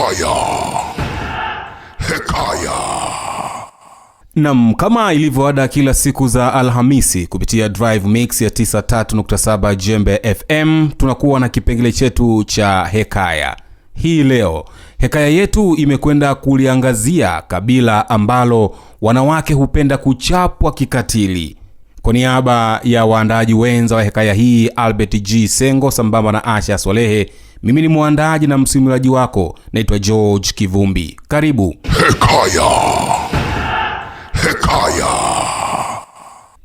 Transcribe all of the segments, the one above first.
Hekaya. Hekaya. Nam, kama ilivyoada kila siku za Alhamisi kupitia Drive Mix ya 93.7 Jembe FM, tunakuwa na kipengele chetu cha Hekaya. Hii leo hekaya yetu imekwenda kuliangazia kabila ambalo wanawake hupenda kuchapwa kikatili. Kwa niaba ya waandaaji wenza wa hekaya hii, Albert G Sengo sambamba na Asha Swalehe mimi ni mwandaaji na msimulaji wako, naitwa George Kivumbi. Karibu Hekaya. Hekaya.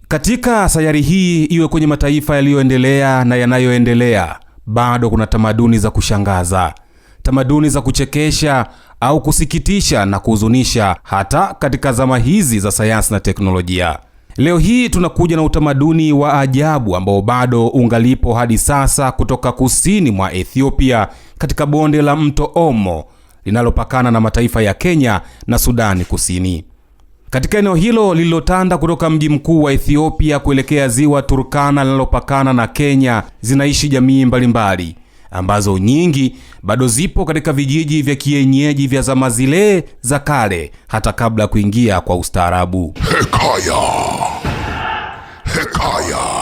Katika sayari hii, iwe kwenye mataifa yaliyoendelea na yanayoendelea, bado kuna tamaduni za kushangaza, tamaduni za kuchekesha au kusikitisha na kuhuzunisha, hata katika zama hizi za sayansi na teknolojia. Leo hii tunakuja na utamaduni wa ajabu ambao bado ungalipo hadi sasa kutoka kusini mwa Ethiopia katika bonde la mto Omo linalopakana na mataifa ya Kenya na Sudani Kusini. Katika eneo hilo lililotanda kutoka mji mkuu wa Ethiopia kuelekea ziwa Turkana linalopakana na Kenya, zinaishi jamii mbalimbali ambazo nyingi bado zipo katika vijiji vya kienyeji vya zama zile za kale, hata kabla ya kuingia kwa ustaarabu. Hekaya, hekaya.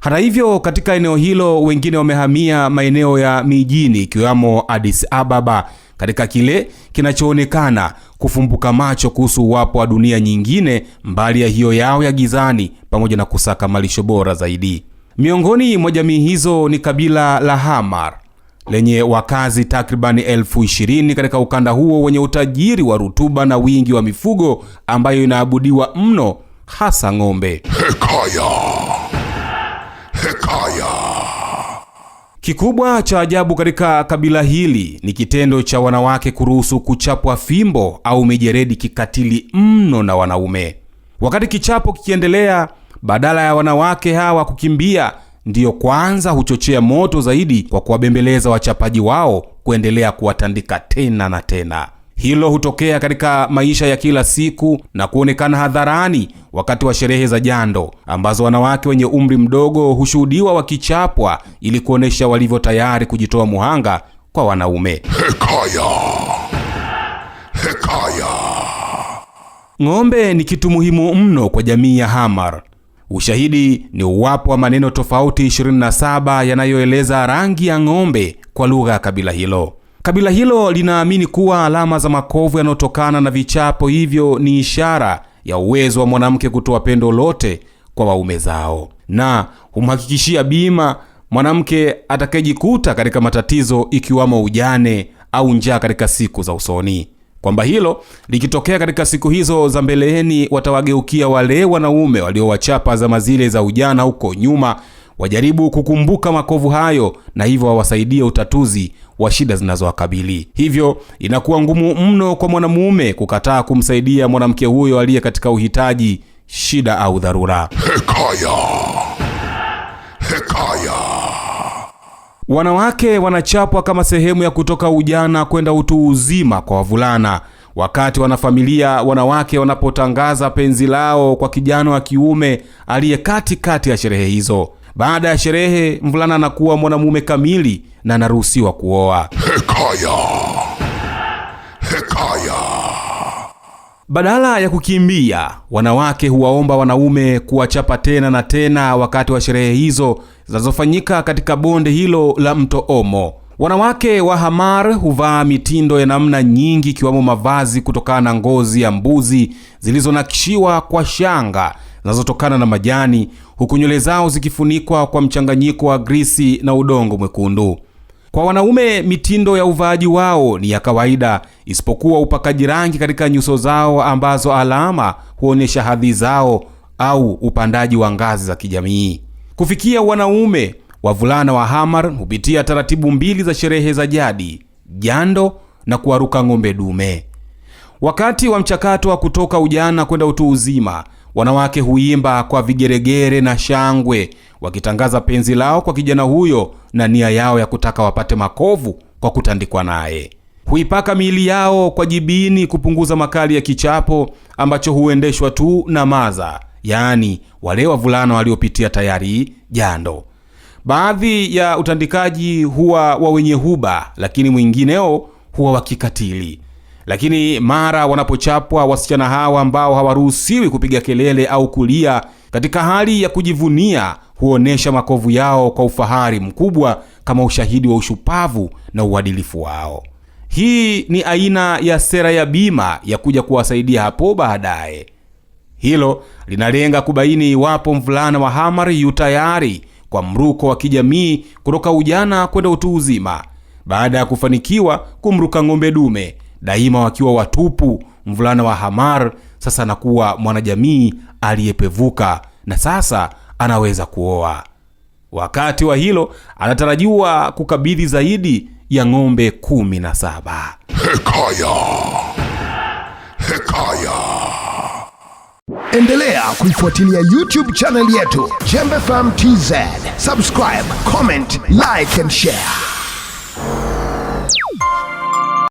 Hata hivyo, katika eneo hilo wengine wamehamia maeneo ya mijini ikiwemo Addis Ababa katika kile kinachoonekana kufumbuka macho kuhusu uwapo wa dunia nyingine mbali ya hiyo yao ya gizani, pamoja na kusaka malisho bora zaidi. Miongoni mwa jamii hizo ni kabila la Hamar lenye wakazi takribani elfu ishirini katika ukanda huo wenye utajiri wa rutuba na wingi wa mifugo ambayo inaabudiwa mno, hasa ng'ombe. Hekaya. Hekaya. Kikubwa cha ajabu katika kabila hili ni kitendo cha wanawake kuruhusu kuchapwa fimbo au mijeredi kikatili mno na wanaume. Wakati kichapo kikiendelea badala ya wanawake hawa kukimbia, ndiyo kwanza huchochea moto zaidi kwa kuwabembeleza wachapaji wao kuendelea kuwatandika tena na tena. Hilo hutokea katika maisha ya kila siku na kuonekana hadharani wakati wa sherehe za jando ambazo wanawake wenye umri mdogo hushuhudiwa wakichapwa ili kuonesha walivyo tayari kujitoa muhanga kwa wanaume. Hekaya. Hekaya. Ng'ombe ni kitu muhimu mno kwa jamii ya Hamar Ushahidi ni uwapo wa maneno tofauti 27 yanayoeleza rangi ya ng'ombe kwa lugha ya kabila hilo. Kabila hilo linaamini kuwa alama za makovu yanayotokana na vichapo hivyo ni ishara ya uwezo wa mwanamke kutoa pendo lote kwa waume zao, na humhakikishia bima mwanamke atakayejikuta katika matatizo ikiwamo ujane au njaa katika siku za usoni kwamba hilo likitokea katika siku hizo za mbeleni, watawageukia wale wanaume waliowachapa zama zile za ujana huko nyuma, wajaribu kukumbuka makovu hayo na hivyo wawasaidie utatuzi wa shida zinazowakabili. Hivyo inakuwa ngumu mno kwa mwanamume kukataa kumsaidia mwanamke huyo aliye katika uhitaji, shida au dharura. Hekaya. Hekaya. Wanawake wanachapwa kama sehemu ya kutoka ujana kwenda utu uzima kwa wavulana. Wakati wanafamilia wanawake wanapotangaza penzi lao kwa kijana wa kiume aliye katikati ya sherehe hizo. Baada ya sherehe, mvulana anakuwa mwanamume kamili na anaruhusiwa kuoa. Hekaya Badala ya kukimbia, wanawake huwaomba wanaume kuwachapa tena na tena wakati wa sherehe hizo zinazofanyika katika bonde hilo la mto Omo. Wanawake wa Hamar huvaa mitindo ya namna nyingi ikiwamo mavazi kutokana na ngozi ya mbuzi zilizonakishiwa kwa shanga zinazotokana na majani, huku nywele zao zikifunikwa kwa mchanganyiko wa grisi na udongo mwekundu. Kwa wanaume mitindo ya uvaaji wao ni ya kawaida, isipokuwa upakaji rangi katika nyuso zao ambazo alama huonyesha hadhi zao au upandaji wa ngazi za kijamii. Kufikia wanaume, wavulana wa Hamar hupitia taratibu mbili za sherehe za jadi, jando na kuwaruka ng'ombe dume. Wakati wa mchakato wa kutoka ujana kwenda utu uzima, Wanawake huimba kwa vigeregere na shangwe, wakitangaza penzi lao kwa kijana huyo na nia yao ya kutaka wapate makovu kwa kutandikwa naye. Huipaka miili yao kwa jibini kupunguza makali ya kichapo ambacho huendeshwa tu na maza, yaani wale wavulana waliopitia tayari jando. Baadhi ya utandikaji huwa wa wenye huba, lakini mwingineo huwa wakikatili lakini mara wanapochapwa wasichana hawa ambao hawaruhusiwi kupiga kelele au kulia, katika hali ya kujivunia, huonesha makovu yao kwa ufahari mkubwa kama ushahidi wa ushupavu na uadilifu wao. Hii ni aina ya sera ya bima ya kuja kuwasaidia hapo baadaye. Hilo linalenga kubaini iwapo mvulana wa Hamari yu tayari kwa mruko wa kijamii kutoka ujana kwenda utu uzima, baada ya kufanikiwa kumruka ng'ombe dume daima wakiwa watupu. Mvulana wa Hamar sasa anakuwa mwanajamii aliyepevuka na sasa anaweza kuoa. Wakati wa hilo anatarajiwa kukabidhi zaidi ya ng'ombe kumi na saba. Hekaya. Hekaya. Endelea kuifuatilia YouTube channel yetu Jembe TZ. Subscribe, comment, like and share.